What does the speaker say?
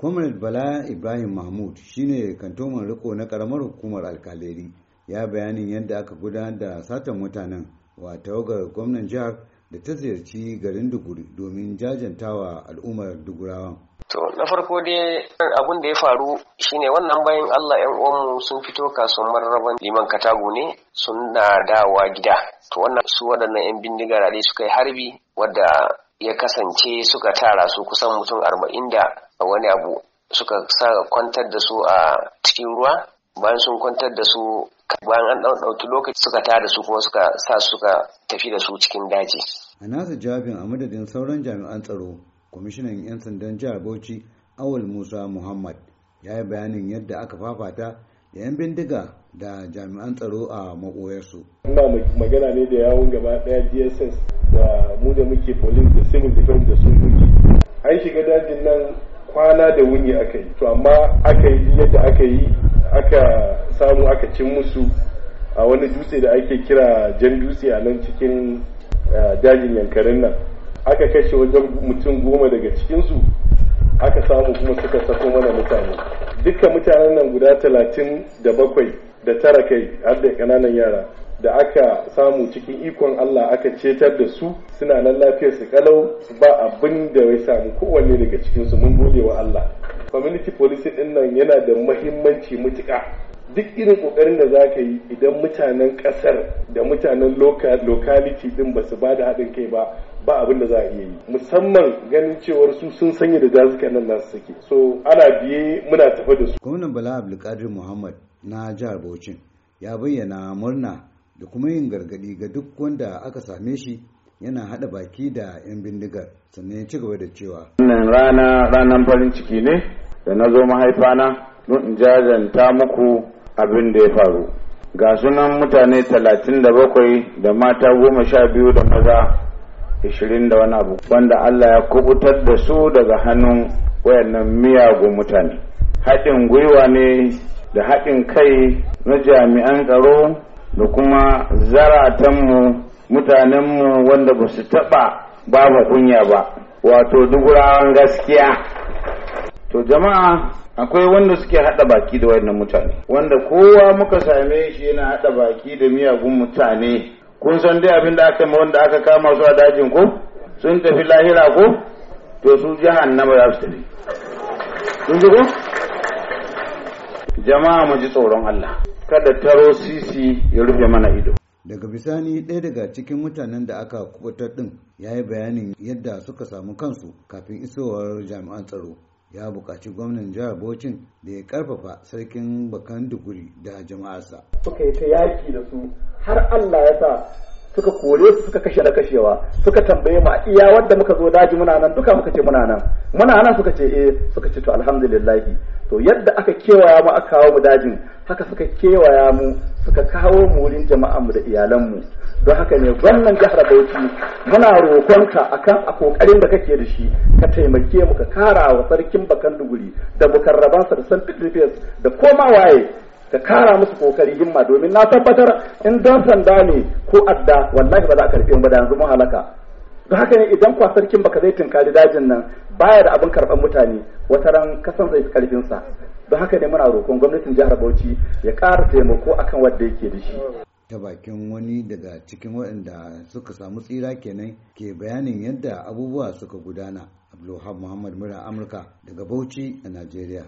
comrade bala ibrahim mahmud shine kantoman riko na karamar hukumar alkaleri ya bayanin yadda aka gudanar da satan mutanen wa tawagar gwamnan jihar da ta ziyarci garin duguri domin jajantawa al'ummar dugurawan to na farko dai abun da ya faru shine wannan bayan allah yan uwanmu sun fito kasuwar rabon liman katago ne suna dawa gida to wannan su waɗannan yan bindiga dai suka yi harbi wadda ya kasance suka tara su kusan mutum arba'in da wani abu suka sa kwantar da su a cikin ruwa bayan sun kwantar da su bayan an ɗauki lokaci suka tara su kuma suka sa suka tafi da su cikin daji. A nasa jawabin a madadin sauran jami'an tsaro, kwamishinan 'yan sandan jihar Bauchi Awul Musa Muhammad ya yi bayanin yadda aka fafata da 'yan bindiga da jami'an tsaro a maɓoyarsu. Ina magana ne da yawon gaba ɗaya DSS da mu da muke police da civil defense da sun yi an shiga dajin nan kwana da wuni aka yi to amma aka yi yadda aka yi aka samu aka cin musu a wani dutse da ake kira jan dutse a nan cikin eh, dajin yankarin nan aka kashe wajen mutum goma daga cikinsu aka samu kuma suka sako mana mutane duka mutanen nan guda talatin da bakwai da tara kai har da ƙananan yara da aka samu cikin ikon Allah aka cetar da su suna nan lafiyar su kalau ba abin da ya samu kowanne daga cikin su mun gode wa Allah community policy din nan yana da muhimmanci mutuka duk irin kokarin da za ka yi idan mutanen kasar da mutanen locality din ba su ba da haɗin kai ba ba abin da za a iya yi musamman ganin cewar su sun sanya da dazuka nan nasu suke so ana biye muna tafa da su gwamnan bala abdulkadir muhammad na jihar bauchi ya bayyana murna da kuma yin gargadi ga duk wanda aka same shi yana haɗa baki da 'yan bindigar sannan ya ci gaba da cewa wannan rana ranar farin ciki ne da na zo mahaifana don in jajanta muku abin da ya faru ga sunan mutane talatin da mata goma sha biyu da maza ishirin da wani abu wanda allah ya kubutar da su daga hannun wayannan miyagun mutane haɗin gwiwa ne da haɗin kai na jami'an tsaro da kuma zaratanmu mutanenmu wanda ba su taɓa babu kunya ba wato dugurawan gaskiya to jama'a akwai wanda suke haɗa baki da wayannan mutane wanda kowa muka same shi yana haɗa baki da miyagun mutane kun san dai abin da aka wanda aka kama su a dajin ko sun tafi lahira ko to su jahannama za su tafi ji ko jama'a mu ji tsoron Allah kada taro sisi ya rufe mana ido daga bisani ɗaya daga cikin mutanen da aka kubutar ɗin ya yi bayanin yadda suka samu kansu kafin isowar jami'an tsaro ya buƙaci gwamnan jihar Bocin da ya karfafa sarkin bakan duguri da jama'arsa suka yi ta yaƙi da su har Allah ya sa suka kore su suka kashe na kashewa suka tambaye mu iya wanda muka zo daji muna nan duka muka ce muna nan muna nan suka ce eh suka ce to alhamdulillah to yadda aka kewaya mu aka kawo mu dajin haka suka kewaya mu suka kawo mu wurin jama'an mu da iyalan mu don haka ne wannan jihar Bauchi muna roƙonka akan a kokarin da kake da shi ka taimake mu ka kara wa sarkin bakan duguri da mukarrabansa da san da koma waye ka kara musu kokari himma domin na tabbatar in dan sanda ne ko adda wallahi ba za a karfe mu ba da yanzu mun halaka don haka ne idan kwa sarkin baka zai tunkari dajin nan baya da abin karɓar mutane wata ran kasan zai karfin sa don haka ne muna roƙon gwamnatin jihar Bauchi ya ƙara taimako akan wanda yake da shi ta bakin wani daga cikin waɗanda suka samu tsira kenan ke bayanin yadda abubuwa suka gudana Abdulhamid muhammad mura amurka daga bauchi a najeriya